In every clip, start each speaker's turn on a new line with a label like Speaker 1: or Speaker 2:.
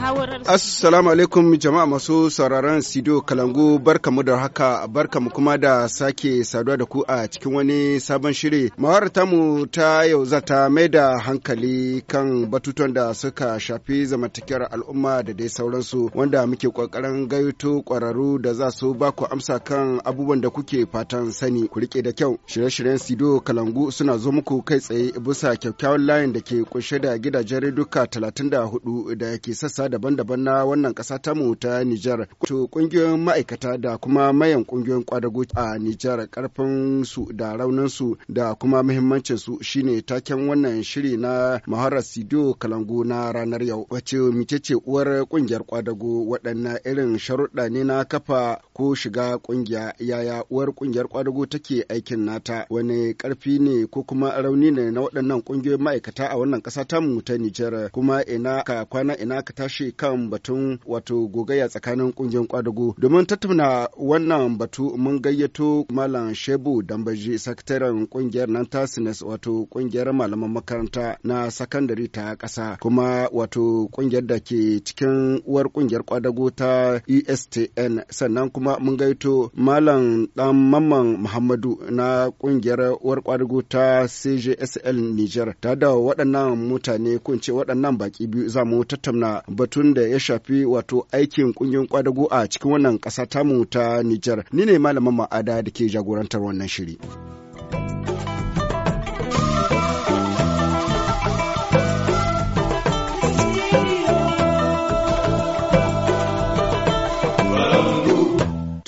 Speaker 1: muhawarar Assalamu alaikum jama'a masu sauraron Sido Kalangu barka mu da haka barka mu kuma da sake saduwa da ku a cikin wani sabon shiri. ta mu ta yau za ta mai da hankali kan batutuwan da suka shafi zamantakewar al'umma da dai sauransu wanda muke kokarin gayyato kwararru da za su ba ku amsa kan abubuwan da kuke fatan sani ku rike da kyau. Shirye-shiryen Sido Kalangu suna zo muku kai tsaye bisa kyakkyawan layin da ke kunshe da gidajen duka 34 da ke sassa sassa daban-daban na wannan ta tamu ta Nijar. To kungiyoyin ma'aikata da kuma mayan kungiyoyin kwadago a Nijar karfin su da raunin su da kuma muhimmancin su shine taken wannan shiri na Mahara sidio Kalangu na ranar yau. Wace ce uwar kungiyar kwadago waɗanne irin sharuɗa ne na kafa ko shiga ƙungiya yaya uwar kungiyar kwadago take aikin nata wani karfi ne ko kuma rauni ne na waɗannan kungiyoyin ma'aikata a wannan ta tamu ta Nijar kuma ina ka kwana ina ka tashi harshe kan batun wato gogayya tsakanin kungiyar kwadago domin tattauna wannan batu mun gayyato malam shebu dambaji sakataren kungiyar nan ta wato kungiyar malaman makaranta na sakandare ta kasa kuma wato kungiyar da ke cikin uwar kungiyar kwadago ta estn sannan kuma mun gayyato malam dan mamman muhammadu na kungiyar uwar kwadago ta cjsl niger ta da waɗannan mutane kunce waɗannan baki biyu za mu tattauna batun da ya shafi wato aikin kungiyoyin kwadago a cikin wannan ƙasa tamu ta Nijar. Ni ne malamin ma'ada da ke jagorantar wannan shiri.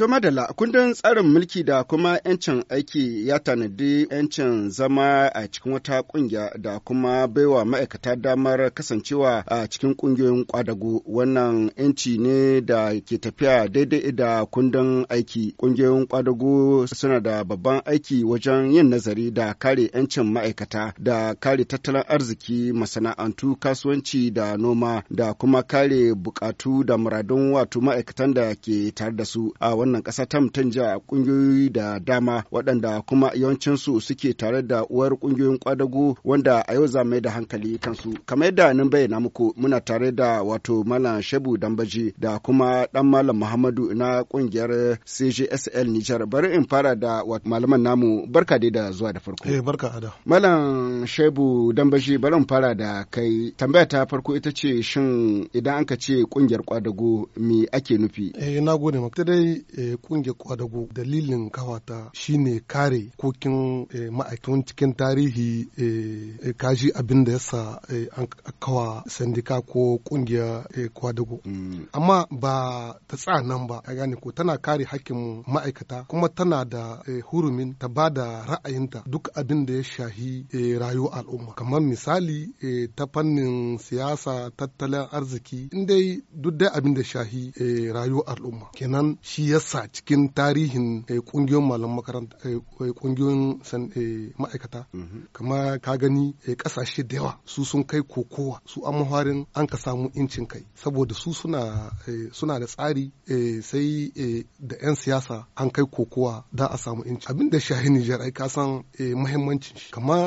Speaker 1: To madala kundin tsarin mulki da kuma 'yancin aiki ya tanadi 'yancin zama a cikin wata kungiya da kuma baiwa ma'aikata damar kasancewa a cikin kungiyoyin kwadago wannan 'yanci ne da ke tafiya daidai da kundin aiki. Kungiyoyin kwadago suna da babban aiki wajen yin nazari da kare 'yancin ma'aikata da kare tattalin arziki masana'antu kasuwanci da noma da kuma kare bukatu da muradun wato ma'aikatan da ke tare da su a wannan wannan ƙasa ta mutanja ƙungiyoyi da dama waɗanda kuma yawancinsu suke tare da uwar ƙungiyoyin ƙwadago wanda a yau za mai da hankali kansu. Kamar yadda nan bayyana muku muna tare da wato Malam Shebu Dambaji da kuma ɗan Malam Muhammadu na ƙungiyar cgsl Nijar. Bari in fara da malaman namu barka dai da zuwa da farko. Eh, Malam Shebu Dambaji bari in fara da kai tambaya ta farko ita ce shin idan an ka ce ƙungiyar ƙwadago me ake nufi?
Speaker 2: Eh na gode maka. dai eh, kunge kwadago dalilin kawata shine kare kokin eh, ma'aikatan cikin tarihi eh, eh, kaji abin da yasa an kawa sandika ko kungiya kwadago mm. amma ba ta tsanan ba a gane ko tana kare hakkin ma'aikata kuma tana da hurumin ta ba da ra'ayinta duk abin da ya shahi rayuwar al'umma kamar misali ta fannin siyasa tattalin arziki in dai duk dai abin da shahi rayuwar al'umma kenan shi yasa a cikin tarihin eh, kungiyoyin malam makaranta eh, eh, kungiyoyin ma'aikata mhm. kamar ka gani kasashe da yawa su sun kai kokowa su an an ka samu incin kai saboda su suna suna da tsari sai da 'yan siyasa an kai kokowa da a samu inci abin da shahi Nijar ai kasan muhimmancin shi kama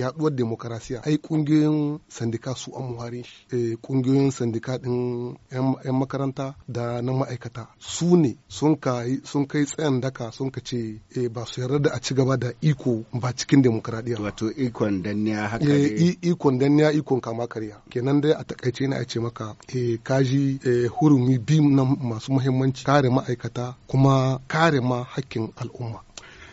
Speaker 2: yaduwar demokarasiya ai kungiyoyin sandika su an muharin shi kungiyoyin sandika din 'yan makaranta da na ma'aikata su ne ne sun kai tsayan daka sun ka ce eh, ba su yarda da a ci gaba da iko ba cikin demokradiyya wato ikon danniya haka ne eh, ikon danniya ikon kama karya kenan dai a takaice na a ce maka e eh, kaji e hurumi biyu na masu muhimmanci kare ma'aikata kuma kare ma hakkin al'umma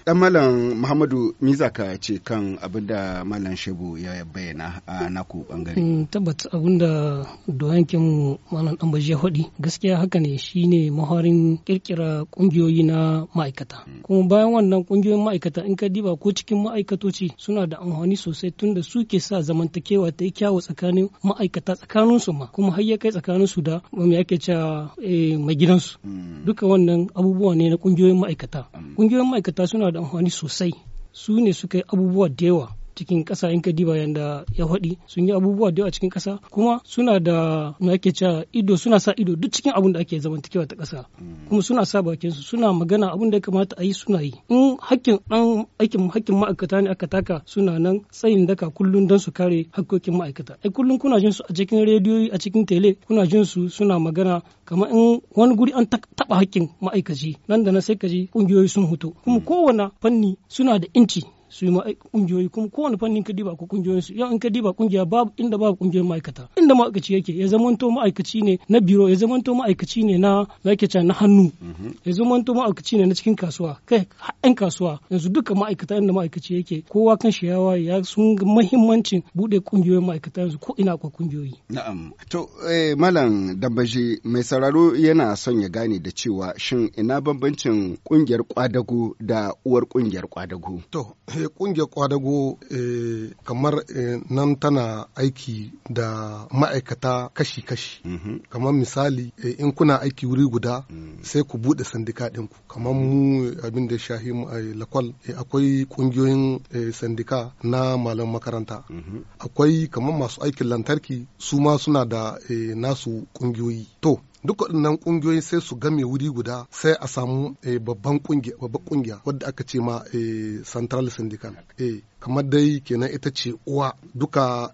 Speaker 1: dan malam muhammadu miza ka ce kan abin da malam shebu ya bayyana a naku bangare
Speaker 3: mm, tabbat abin da doyankin mu malam dan baje hudi gaskiya haka ne shine maharin kirkira kungiyoyi na ma'aikata mm. kuma bayan wannan kungiyoyin ma'aikata in ka diba ko cikin ma'aikatoci suna da amfani sosai tunda ke sa zamantakewa ta yi kyawu tsakanin ma'aikata tsakanin su ma kuma har ya kai tsakanin su da mu yake cewa eh, mai gidansu mm. duka wannan abubuwa ne na kungiyoyin ma'aikata kungiyoyin ma'aikata suna da amfani sosai su ne suka yi abubuwa da yawa cikin ƙasa in ka diba yanda ya faɗi sun yi abubuwa da yawa cikin kasa kuma suna da na ake cewa ido suna sa ido duk cikin abin da ake zamantakewa ta kasa kuma suna sa bakin su suna magana abun da ya kamata a yi suna yi in hakkin dan aikin hakkin ma'aikata ne aka taka suna nan tsayin daka kullun don su kare hakkokin ma'aikata ai kullun kuna jin su a cikin rediyoyi a cikin tele kuna jin su suna magana kamar in wani guri an taba hakkin ma'aikaci nan da na sai ka ji kungiyoyi sun hoto kuma kowane fanni suna da inci su ma kungiyoyi kuma kowane fannin ka diba ko kungiyoyin su yau in ka diba kungiya babu inda babu kungiyoyin ma'aikata inda ma'aikaci yake ya zamanto ma'aikaci ne na biro ya zamanto ma'aikaci ne na zaki na hannu mhm. ya zamanto ma'aikaci ne na cikin kasuwa kai yan kasuwa yanzu duka ma'aikata inda ma'aikaci yake kowa kan shi yawa ya sun muhimmancin bude kungiyoyin ma'aikata yanzu ko ina akwai kungiyoyi
Speaker 1: na'am to eh, malam dambaji mai sauraro yana son ya gane da cewa shin ina bambancin kungiyar kwadago da uwar kungiyar kwadago to
Speaker 2: ƙungiyar kwadago eh, kamar eh, nan tana aiki da ma'aikata kashi-kashi mm-hmm. kamar misali eh, in kuna aiki wuri guda mm. sai ku buɗe sandika ɗinku kamar mu abin da shahi lakwal akwai ƙungiyoyin sandika na malam makaranta mm-hmm. akwai kamar masu aikin lantarki su ma suna da nasu ƙungiyoyi to duk waɗannan ƙungiyoyi sai su game wuri guda sai a samu eh, babban ƙungiya babban ƙungiya wadda aka ce ma eh, central syndical eh, kamar dai kenan ita ce uwa duka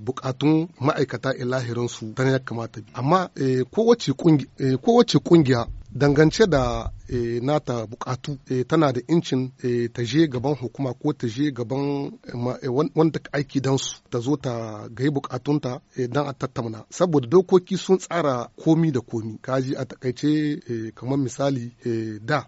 Speaker 2: bukatun ma'aikata lahirinsu ta ya kamata amma kowace ƙungiya dangance da Eh, nata bukatu eh, tana da incin eh, ta je gaban hukuma ko ta je gaban wanda aiki don su ta zo ta gai bukatunta don a tattauna saboda dokoki sun tsara komi da komi kaji a takaice kamar misali da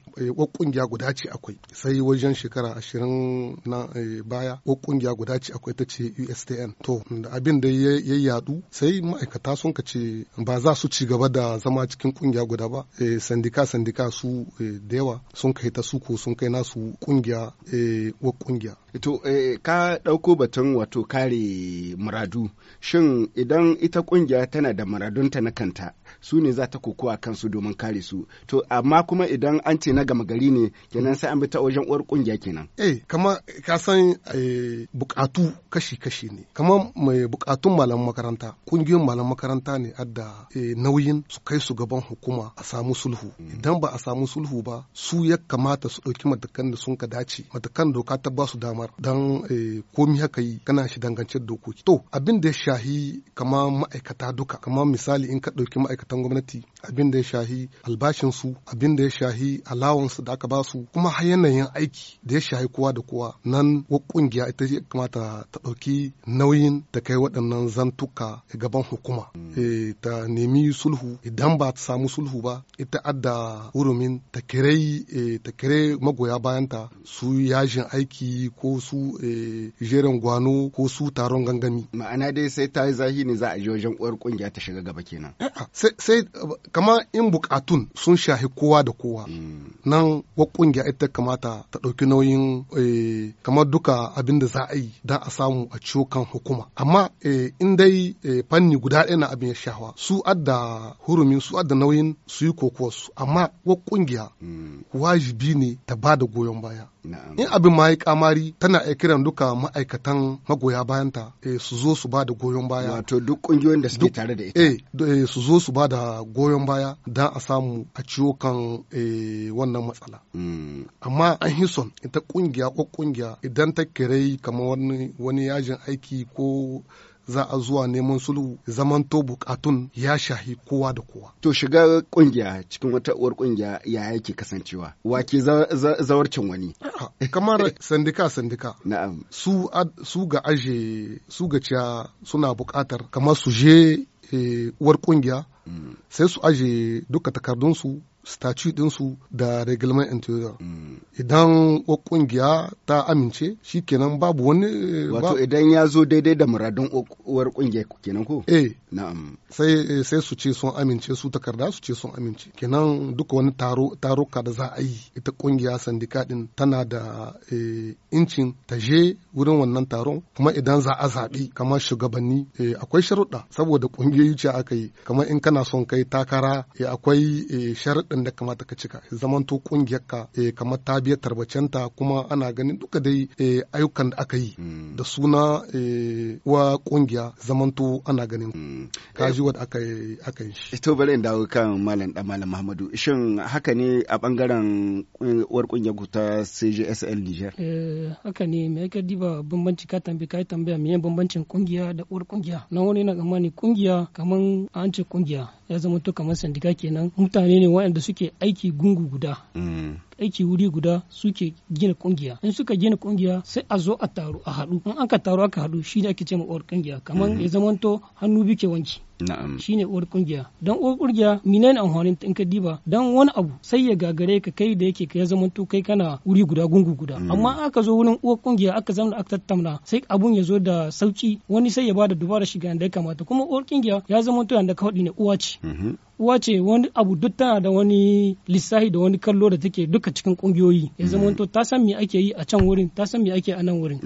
Speaker 2: kungiya guda ce akwai sai wajen shekara ashirin na baya ko kungiya guda ce akwai ta ce USTN to abin da ya yadu sai ma'aikata sun ka ce ba za su ci gaba da zama cikin kungiya guda ba sandika sandika su Eh, da yawa sun kai ta suko sun kai nasu kungiya eh, wa kungiya
Speaker 1: Ito, eh, ka ɗauko batun wato kare muradu shin idan ita kungiya tana da muradunta na kanta su ne za ta a kansu domin kare su to amma kuma idan an ce na gama gari ne kenan sai an bi ta wajen uwar kungiya kenan
Speaker 2: eh kamar ka san eh, bukatu kashi-kashi ne kama mai bukatun malaman makaranta kungiyoyin malaman makaranta ne adda eh, nauyin su kai su gaban hukuma a samu sulhu idan ba a samu sulhu ba su ya kamata su ɗauki matakan da sun ka dace matakan doka ta ba su damar dan eh, komi haka yi kana shi dangance dokoki to abin da ya shahi kamar ma'aikata duka kamar misali in ka dauki ma'aikata ma'aikatan gwamnati abin da ya shahi albashinsu abin da ya shahi alawansu da aka ba su kuma har yanayin aiki da ya shahi kowa da kowa nan wa kungiya ita ce kamata ta ɗauki nauyin ta kai waɗannan zantuka gaban hukuma mm. eh, ta nemi sulhu idan ba ta samu sulhu ba ita adda hurumin ta kirai eh, ta magoya bayanta su yajin aiki ko su eh, jerin gwano ko su taron gangami
Speaker 1: ma'ana dai sai ta yi zahi ne za a ji wajen uwar kungiya ta shiga gaba kenan
Speaker 2: sai kama in bukatun sun shahi kowa da kowa mm. nan wa kungiya ita kamata ta ɗauki nauyin eh, kamar duka abin da za a yi da a samu a ciwo kan hukuma amma eh, in dai eh, fanni guda ɗaya na abin ya shawa su adda hurumin su adda nauyin su yi kokowa su amma wa kungiya mm. wajibi ne ta ba da goyon baya in abin ma ya kamari tana iya kiran duka ma'aikatan magoya bayanta su zo su ba da goyon baya
Speaker 1: wato duk kungiyoyin da suke tare da
Speaker 2: ita su zo su ba da goyon goyon baya don a samu a ciwo kan eh, wannan matsala mm. amma an hison ita kungiya ko kungiya idan ta kirai kamar wani yajin aiki ko za a zuwa neman sulhu zamanto bukatun ya shahi kowa da kowa. To
Speaker 1: shiga kungiya cikin wata uwar kungiya ya yake kasancewa wake zawarcin
Speaker 2: wani. Kamar sandika sandika. Na'am. Su su ga aje su ga ciya suna bukatar kamar su je eh, uwar kungiya sai su aje duka takardunsu statut ɗinsu da reglement interior mm. idan kungiya ta amince shi kenan babu wani eh, wato
Speaker 1: idan ya zo daidai da muradun uwar kungiya kenan ko eh na'am
Speaker 2: sai eh, sai su ce sun amince su takarda su ce sun amince kenan duka wani taro taruka da za a yi ita kungiya sandika din tana da eh, incin ta je wurin wannan taron kuma idan za a zaɓi kamar shugabanni akwai sharuɗa saboda kungiyoyi ce aka yi kamar in kana son kai takara akwai sharuɗa ɗin da kamata ka cika to kungiyar ka eh, kamar ta biya tarbacenta kuma ana ganin duka dai eh, ayyukan da aka yi hmm. da suna eh, wa kungiya to ana ganin hmm. kaji wadda aka yi shi.
Speaker 1: to bare in dawo kan malam da malam Muhammadu shin haka ne a bangaren uwar kungiyar guta CJSL Niger?
Speaker 3: Haka ne me ka diba bambanci ka tambi kai tambaya me bambancin kungiya da uwar kungiya na wani na tsammani kungiya kaman an ce kungiya ya zama to kamar sandika kenan mutane ne waɗanda da suke aiki gungu guda mm. aiki wuri guda suke gina kungiya in suka gina kungiya sai a zo a taru a haɗu in aka taru aka haɗu shi ne ake ce ma ƙungiya kamar mm. ya zamanto hannu bi ke wanki shi ne uwar kungiya don uwar kungiya menene amfanin in ka diba don wani abu sai ya gagare ka kai da yake ya zamanto kai kana wuri guda gungu guda mm. amma aka zo wurin uwar kungiya aka zama aka tattauna sai abun ya zo da sauki wani sai ya bada dubara shiga da ya kamata kuma uwar kungiya ya zama to yanda ka ne uwa ce mm-hmm. uwa ce wani abu duk tana da wani lissahi da wani kallo da take duka cikin kungiyoyi ya mm. zama to ta san me ake yi a can wurin ta san me ake a nan wurin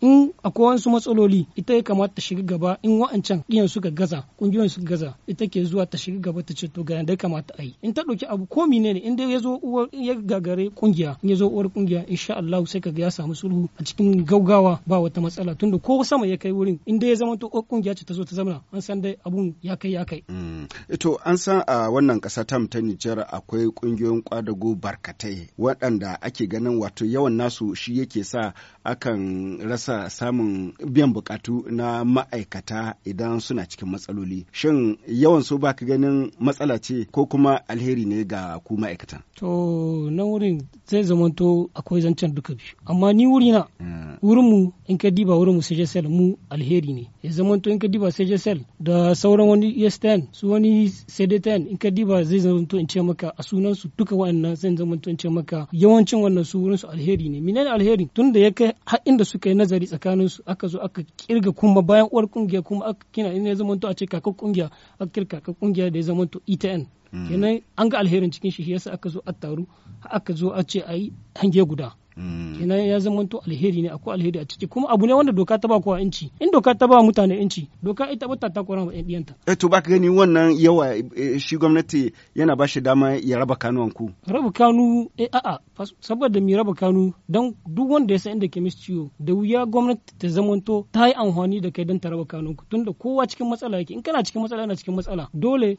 Speaker 3: in akwai wasu matsaloli ita ya kamata ta shiga gaba in wa'ancan iyan suka gaza kungiyoyin sun gaza ita ke zuwa ta shiga gaba ta ce to ga da kamata a yi in ta ɗauki abu ko menene in dai ya zo uwar ya gagare kungiya in ya zo uwar kungiya insha Allah sai kaga ya samu sulhu a cikin gaugawa ba wata matsala tunda ko sama ya kai wurin in dai ya zama to kungiya ce ta zo ta zama an san dai abun ya kai ya kai. Mm.
Speaker 1: to an san a wannan ta tam ta Nijar akwai kungiyoyin kwadago barkatai waɗanda ake ganin wato yawan nasu shi yake sa akan rasa samun biyan bukatu na ma'aikata idan suna cikin matsaloli shin yawan su baka ganin matsala ce ko kuma alheri ne ga ku ma'aikata.
Speaker 3: to nan wurin zai zamanto akwai zancen duka biyu amma ni wuri na hmm. wurin mu in ka diba wurin mu sejesel mu alheri ne ya zamanto in ka diba sejesel da sauran wani es ten su wani sede ten in ka diba zai zamanto in ce maka a sunan su duka wa'annan zai zamanto in ce maka yawancin wannan su wurin su alheri ne menene alheri tun da ya kai har inda suka yi nazari tsakanin su aka zo aka kirga kuma bayan uwar kungiya kuma aka kina in ya zamanto a ce kaka kakka kungiya a ka kungiya da ya zama to ETN mm. kenan an ga alherin cikin shi yasa aka zo a taru aka zo a ce a yi hange guda ina mm. ya zamanta alheri ne akwai alheri a ciki kuma abu ne wanda doka ta ba kowa inci in doka ta ba mutane inci doka ita ba ta takura ma ɗiyanta
Speaker 1: eh to baka gani wannan yawa eh, shi gwamnati yana ba dama ya raba kanuwan ku
Speaker 3: raba kanu eh a'a saboda mi raba kanu dan duk wanda ya san inda kemis ciwo da wuya gwamnati ta zamanto ta yi amfani da kai dan ta raba kanun ku tunda kowa cikin matsala yake in kana cikin matsala ina cikin matsala dole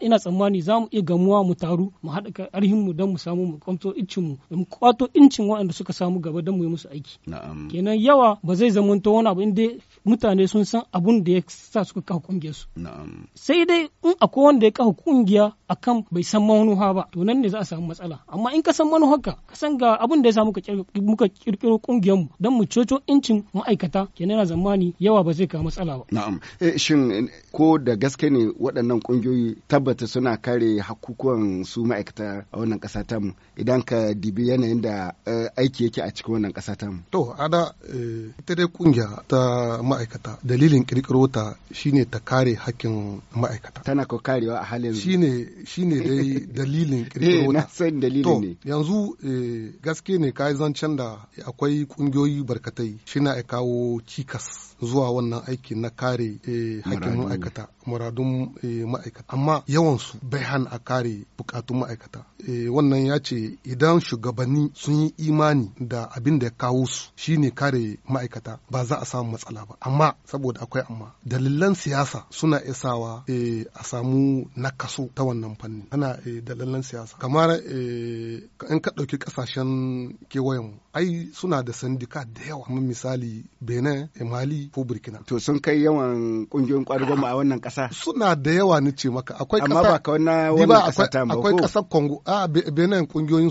Speaker 3: ina tsammani za mu iya gamuwa mu taru mu haɗa arhin mu dan mu samu mu kwamto incin mu mu kwato incin waɗanda suka samu gaba don mu yi musu aiki kenan yawa ba zai zamanto wani abu inda mutane sun san abun da ya sa suka kawo kungiyar su sai dai in akwai wanda ya kawo kungiya kan bai san manuha ba to nan ne za a samu matsala amma in ka san manuhar ka san ga abun da ya sa muka kirkiro kungiyar mu dan mu coco incin ma'aikata kenan na zamani yawa ba zai kawo matsala ba
Speaker 1: na'am eh, shin ko da gaske ne waɗannan kungiyoyi tabbata suna kare hakukuwan su ma'aikata a wannan ƙasa ta mu idan ka dibi yanayin da eh,
Speaker 2: aiki yake a cikin wannan ƙasa ta mu to ada eh, ita dai kungiya ta ma'aikata dalilin kirkiro ta shine ta kare hakkin ma'aikata tana ko karewa a halin shine shine dai dalilin kirkiro eh, ta san dalilin ne yanzu eh, gaske ne kai zancen da akwai kungiyoyi barkatai shina ya kawo cikas zuwa wannan aiki na kare eh, hakkin ma'aikata muradun ma'aikata amma yawan su bai hana a kare bukatun ma'aikata wannan ya ce idan shugabanni sun yi imani da abin da ya kawo su shine kare ma'aikata ba za a samu matsala ba amma saboda akwai amma dalilan siyasa suna isawa e, eh, a samu nakaso ta wannan fanni ana e, dalilan siyasa kamar e, in ka ɗauki ƙasashen kewayen ai suna da sandika da yawa kamar misali benin e, mali ko burkina to sun
Speaker 1: kai yawan ƙungiyoyin ƙwadagon a wannan ƙasa suna
Speaker 2: da yawa ni ce maka akwai amma ba ka
Speaker 1: wannan ƙasa ta akwai ƙasar
Speaker 2: kongo a ah, benin ƙungiyoyin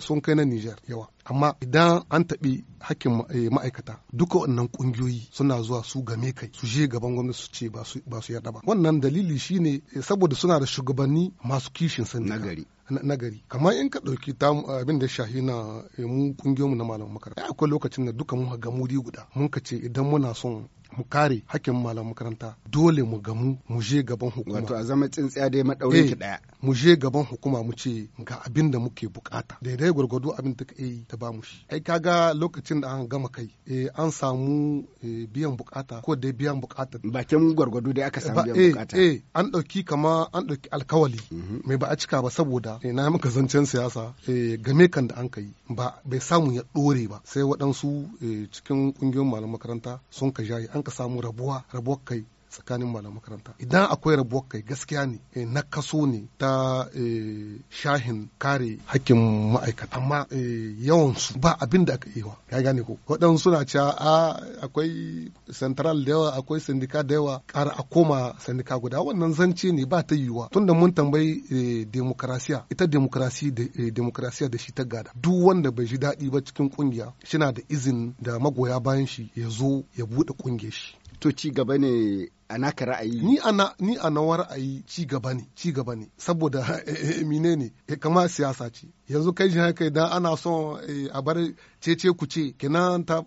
Speaker 2: sun kai na niger yawa amma idan an taɓi hakkin eh, ma'aikata duka wannan ƙungiyoyi suna zuwa su game kai su je gaban gwamnati su ce ba su yarda ba wannan dalili shine eh, saboda suna da shugabanni masu kishin sandika nagari nagari kamar in ka ɗauki ta eh, abin da shahi na mu kungiyoyinmu na malaman makaranta akwai lokacin da duka mun ga muri guda mun ka ce idan muna son mu kare hakkin malam makaranta dole mu gamu mu je gaban hukuma wato
Speaker 1: a zama tsintsiya dai madaurin ki daya
Speaker 2: eh, mu je gaban hukuma mu ce ga abin da muke bukata daidai gwargwado abin da ka yi ta bamu shi ai kaga lokacin da an gama kai eh an samu eh, biyan bukata ko dai biyan bukata bakin gwargwado dai aka samu biyan eh, bukata eh an dauki kama an dauki alkawali mai mhm. ba a cika ba saboda na maka zancen siyasa game kan da an kai ba bai samu ya dore ba sai waɗansu cikin kungiyoyin malam makaranta sun ka jayi an ka samu rabuwa rabuwar kai tsakanin malamai makaranta idan akwai rabuwar kai gaskiya ne eh, na kaso ne ta eh, shahin kare hakkin ma'aikata amma eh, yawan su ba abin da aka yiwa ya gane ko waɗansu suna cewa a akwai central da yawa akwai sindika da yawa ƙara a koma sindika guda wannan zance ne ba ta yiwuwa tunda mun tambayi demokrasiya ita demokarasi demokrasiya da shi ta gada duk wanda bai ji daɗi ba cikin kungiya shina da izin da magoya bayan shi ya zo ya buɗe kungiyar shi to ci gaba ne a naka ra'ayi ni ana ni a nawa ra'ayi ci gaba ne ci gaba ne saboda eh, eh, mine ne eh, kama siyasa ce yanzu kai shi haka idan ana son a bar cece ku ce kenan ta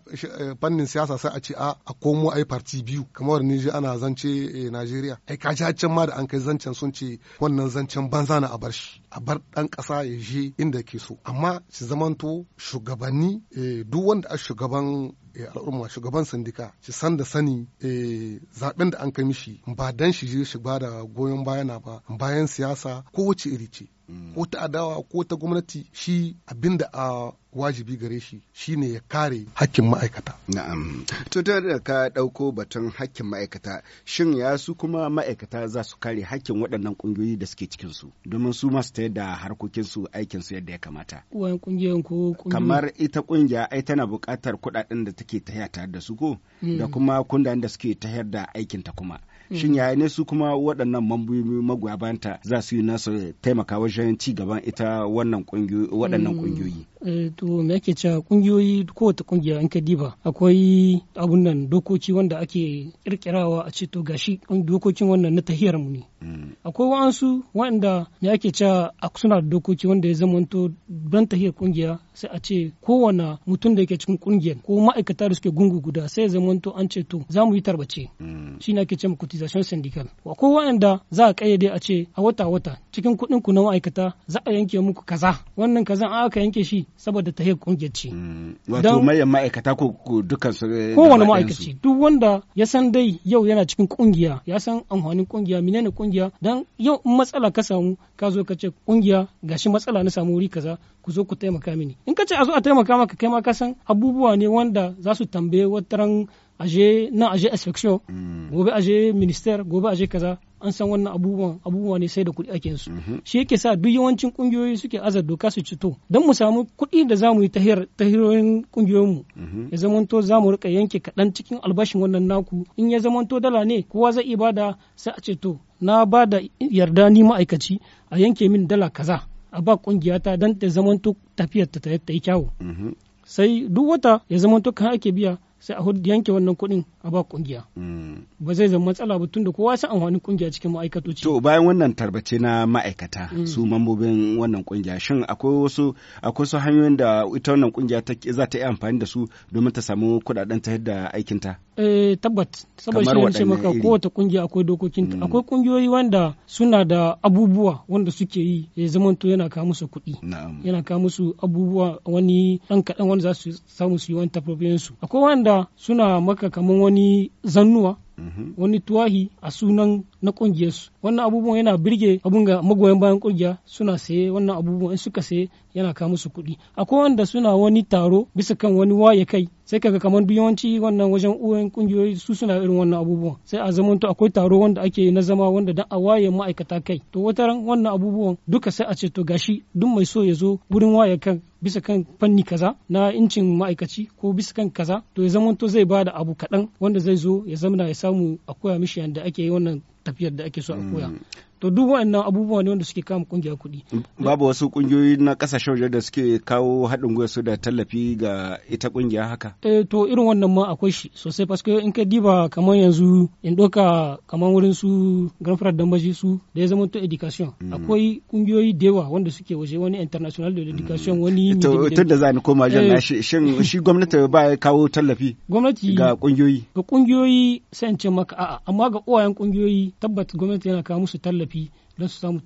Speaker 2: fannin siyasa sai a ce a a komo ai parti biyu kamar ni ji ana zance Najeriya ai ka ji ma da an kai zancen sun ce wannan zancen banza na a bar shi a bar dan kasa ya je inda ke so amma su zamanto shugabanni duk wanda a shugaban al'umma shugaban sandika shi san da sani eh, zaben da an kai mishi ba dan shi je shi ba da goyon bayana ba bayan siyasa ko wace iri ce Mm. ko ta adawa ko ta gwamnati shi abinda a wajibi gare shi shi ne ya kare hakkin ma'aikata. Na'am. To da ka ɗauko batun hakkin
Speaker 1: ma'aikata, shin ya su kuma ma'aikata za su kare hakkin waɗannan ƙungiyoyi da suke cikin su domin su masu ta yadda harkokin su aikin su yadda ya kamata.
Speaker 3: Wani ƙungiyoyin ko Kamar
Speaker 1: ita ƙungiya ai tana buƙatar kuɗaɗen da take taya tare da su ko da mm. kuma kundayen da suke tayar da aikin ta kuma. shin mm. yaya ne su kuma waɗannan mambobi magoya bayanta za su yi nasu taimaka wajen ci gaban ita wannan waɗannan mm. ƙungiyoyi
Speaker 3: Eh, to me ake cewa kungiyoyi kowace kungiya an ka diba akwai abun nan dokoki wanda ake kirkirawa a ce to gashi dokokin wannan na tahiyar mu ne mm. akwai wa'ansu wanda me ake cewa suna da dokoki wanda ya zama to don tahiyar kungiya sai a ce kowane mutum da yake cikin kungiyar ko ma'aikata da suke gungu guda sai ya zama to an ce to za mu yi tarbace mm. shi ne ake cewa cotization syndical akwai wa'anda za a kayyade a ce a wata wata cikin kuɗin ku na ma'aikata za a yanke muku kaza wannan kaza an aka yanke shi saboda ta kungiyar ce. Mm.
Speaker 1: Wato mayan ma'aikata ko dukkan su eh, kowane ma'aikaci
Speaker 3: duk wanda ya san dai yau yana cikin kungiya ya san amfanin kungiya menene kungiya dan yau in matsala ka samu ka zo ka ce kungiya gashi matsala na samu wuri kaza ku zo ku taimaka mini in ka ce a zo a taimaka maka kai ma ka san abubuwa ne wanda za su tambaye wataran aje na aje inspection mm. gobe aje minister gobe aje kaza an san wannan abubuwan abubuwa ne sai da kuɗi ake su mhm. shi yake sa duk yawancin ƙungiyoyi suke azar doka su cito don mu samu kuɗi da zamu yi ta hiroyin kungiyoyinmu mhm. ya zamanto za mu rika yanke kaɗan cikin albashin wannan naku in ya zamanto dala ne kowa zai ibada sai a ce to na bada yarda ni ma'aikaci a yanke min dala kaza a ba ƙungiyata don ta zamanto tafiyar ta ta yi kyawu mhm. sai duk wata ya zamanto kan ake biya sai a yanke wannan kuɗin a ba kungiya mm. ba zai zama matsala ba tun da kowa san amfanin kungiya cikin ma'aikatoci to
Speaker 1: bayan wannan tarbace na ma'aikata mm. su mambobin wannan kungiya shin akwai wasu akwai wasu hanyoyin da ita wannan kungiya za ta yi amfani da su domin ta samu kuɗaɗen ta yadda aikinta
Speaker 3: Eh, tabbat saboda shi ne maka kowace kungiya akwai dokokin ta hmm. akwai kungiyoyi wanda suna da abubuwa wanda suke yi ya to yana kawo musu kuɗi yana kawo musu abubuwa wani ɗan kaɗan wanda za su samu su yi wani tafafiyansu akwai wanda suna maka kamar wani zannuwa mhm. wani tuwahi a sunan na ƙungiyarsu wannan abubuwan yana birge abun ga magoyan bayan kungiya suna saye wannan abubuwan in suka saye yana kawo musu kuɗi akwai wanda suna wani taro bisa kan wani waye kai sai kaga kamar duk yawanci wannan wajen uwan kungiyoyi su suna irin wannan abubuwan sai a zamanto akwai taro wanda ake na zama wanda dan a waye ma'aikata kai to wata ran wannan abubuwan duka sai a ce to gashi duk mai so ya zo wurin waye kan bisa kan fanni kaza na incin ma'aikaci ko bisa kan kaza to ya zamanto zai bada abu kaɗan wanda zai zo ya zamana ya samu a koya mishi yadda ake yi wannan tafiyar da ake so a koya to duk wa'annan abubuwa ne wanda suke kama kungiyar kuɗi
Speaker 1: babu wasu kungiyoyi na ƙasashen waje da suke kawo haɗin gwiwa su da tallafi ga ita kungiya haka
Speaker 3: eh to irin wannan ma akwai shi sosai paske in ka diba kamar yanzu in ɗauka kamar wurin su granfrat dambaji su da ya zama to education mm. akwai kungiyoyi da yawa wanda suke waje wani international da education mm. wani to tun da za ni koma jan eh. shi shin
Speaker 1: shi gwamnati ba ya kawo tallafi
Speaker 3: gwamnati ga kungiyoyi ga kungiyoyi sai in ce maka a'a amma ga uwayen kungiyoyi tabbat gwamnati yana kawo musu tallafi tallafi don su samu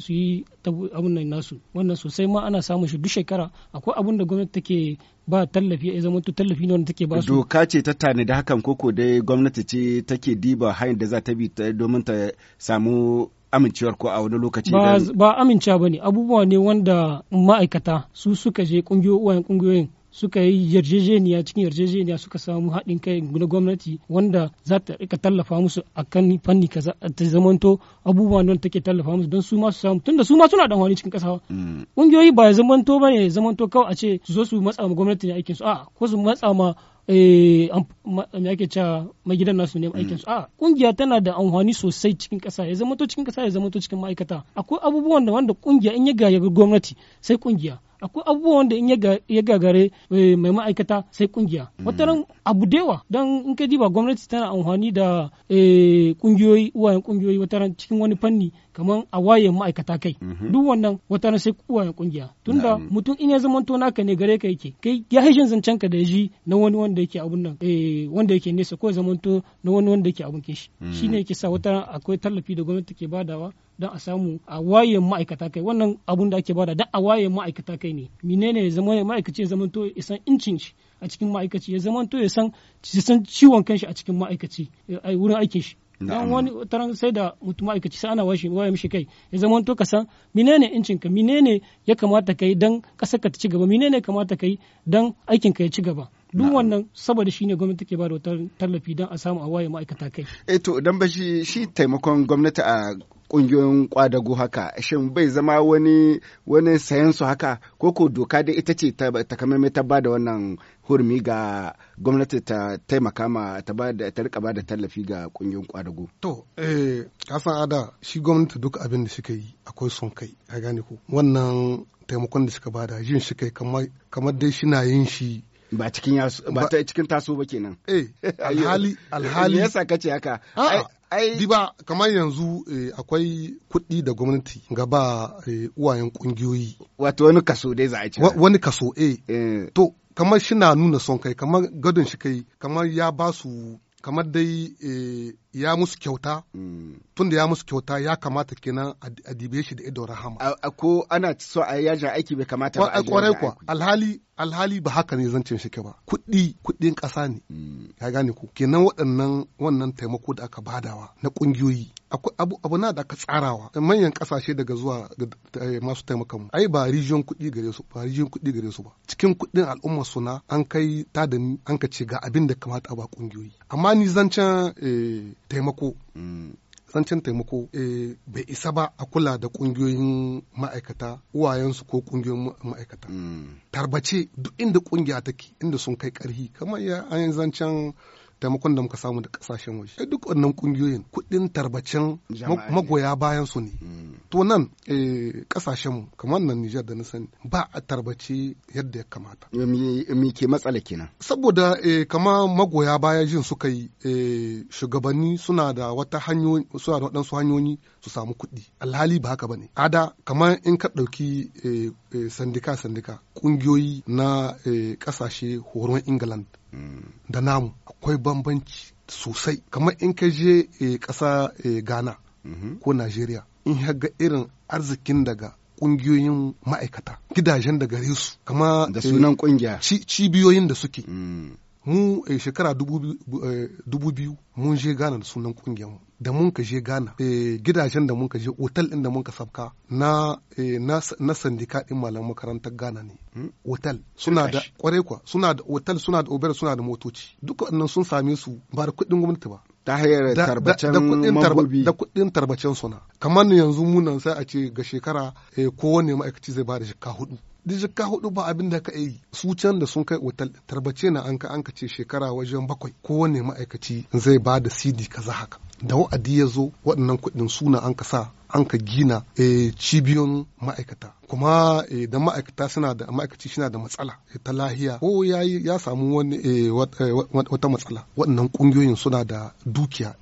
Speaker 3: su yi abun nan nasu wannan sosai ma ana samun shi duk shekara akwai abun da gwamnati take ba tallafi ya zama to tallafi ne wanda take ba su
Speaker 1: doka ce ta tani da hakan koko dai gwamnati ce take diba hanyar da za ta bi domin ta samu amincewar ko a wani lokaci
Speaker 3: ba amincewa bane abubuwa ne wanda ma'aikata su suka je kungiyoyin suka yi yarjejeniya cikin yarjejeniya suka samu haɗin kai na gwamnati wanda za ta rika tallafa musu kan fanni ka ta zamanto abubuwan ta take tallafa musu don su ma su samu tunda su ma suna da wani cikin ƙasa ƙungiyoyi ba ya zamanto ba ne zamanto kawai a ce su zo su matsa ma gwamnati ne aikinsu a ko su matsa ma eh, me ake cewa magidan nasu ne aikin su a kungiya tana da amfani sosai cikin kasa ya zamanto cikin kasa ya zamanto cikin ma'aikata akwai abubuwan da wanda kungiya in ya gaya gwamnati sai kungiya akwai abubuwan da in ya gagare eh, mai ma'aikata sai kungiya mm. wataran abu dewa don in ka diba gwamnati tana amfani da eh, kungiyoyi uwayen kungiyoyi wataran cikin wani fanni kamar a waye ma'aikata kai mm-hmm. duk wannan wataran sai uwayen kungiya tunda mutum in ya zamanto naka ne gare ka yake kai ya hishin zancen ka da ji na wani wanda yake abun nan eh, wanda yake nesa ko zamanto na wani wanda yake abun kishi mm. shine yake sa wata akwai tallafi da gwamnati ke badawa don a samu a waye ma'aikata kai wannan abun da ake bada da a waye ma'aikata kai ne menene ya zama ma'aikaci ya zama to ya san incin shi a cikin ma'aikaci ya zama to ya san san ciwon kanshi a cikin ma'aikaci a wurin aikin shi dan wani taran sai da mutum ma'aikaci sai ana washe waye mishi kai ya zama to ka san menene incin ka menene ya kamata kai dan kasar ka ta ci gaba menene kamata kai dan aikin ka ya ci gaba duk wannan saboda shine gwamnati ke bada tallafi don a samu a waye ma'aikata kai.
Speaker 1: Eh to dan ba shi taimakon gwamnati a kungiyoyin kwadago haka shin bai zama wani wani sayan su haka ko ko doka da ita ce takamaimai ta ba da wannan hurmi ga gwamnati ta taimaka ma ta ba da ta rika ba da tallafi ga kungiyoyin kwadago
Speaker 2: to eh kasan ada shi gwamnati duk abin da suka yi akwai son kai ka gane ko wannan taimakon da suka bada jin shi kai kamar dai shi na yin shi ba cikin yasu ba ta
Speaker 1: cikin taso ba kenan eh alhali alhali yasa kace haka
Speaker 2: ai diba kamar yanzu eh, akwai kuɗi da gwamnati ga ba eh, uwayen kungiyoyi wato wani kaso dai za a ci wani kaso eh. eh, to kamar shi na nuna son kai kamar gadon shi kai kamar ya ba su kamar dai ya musu kyauta mm. tun da ya musu kyauta ya kamata kenan a dibe shi da ido rahama
Speaker 1: a ko ana so a yajin aiki bai kamata ba a kwarai kuwa
Speaker 2: alhali alhali ba haka ne zancen shi ke ba kuɗi kuɗin ƙasa ne mm. ya gane ku kenan waɗannan wannan taimako da aka badawa na ƙungiyoyi abu abu na da aka tsarawa manyan ƙasashe daga zuwa eh, masu taimakon ai ba rijiyon kuɗi gare su ba rijiyon kuɗi gare su ba cikin kuɗin al'umma suna. an kai ta da an ka ce ga abin da kamata a ba ƙungiyoyi amma ni zancen eh, taimako mm. zancen taimako eh, bai isa ba a kula da kungiyoyin ma'aikata uwayensu ko kungiyoyin ma'aikata mm. tarbace duk inda kungiya take inda sun kai karhi kamar ya zancen taimakon da muka samu da kasashen waje eh, duk wannan kungiyoyin kuɗin tarbacin magoya bayan su ne hmm. to nan eh, kasashen mu kamar nan Nijar da na sani ba a tarbace yadda ya kamata eh, me ke matsala kenan saboda kama magoya baya jin suka yi shugabanni suna da wata hanyoyi suna da waɗansu hanyoyi su samu kuɗi alhali ba haka bane ada kamar in ka ɗauki sandika sandika kungiyoyi na ƙasashe horon England da namu akwai bambanci sosai kamar in ka je eh, ƙasa eh, ghana mhm. ko nigeria in ga irin arzikin daga kungiyoyin ma'aikata gidajen da gare su kama da eh, sunan ƙungiya. cibiyoyin da suke mm. mu eh, shekara eh, dubu biyu mun je gana da sunan kungiyar mu da mun ka je gana. Eh, gidajen da mun ka je otal din da mun ka sabka na na sandika din malam makarantar gana ne hmm? otal suna da kwarai kwa suna da otal suna da obere suna da motoci duka wannan sun same su ba da kuɗin gwamnati ba ta hanyar tarbacen mambobi da kuɗin tarbacen suna kamar yanzu munan sai a ce ga shekara kowane ma'aikaci zai ba da shekara hudu dijikka hudu ba abin da ka yi su can da sun kai otal tarbace na an ka an ka ce shekara wajen bakwai kowane ma'aikaci zai ba da cd za haka da wa'adi ya zo waɗannan kuɗin suna an ka sa an ka gina e, eh, cibiyon ma'aikata kuma eh, da ma'aikata suna da ma'aikaci suna da matsala eh, ta lahiya ko ya ya samu wani wata matsala waɗannan ƙungiyoyin suna da dukiya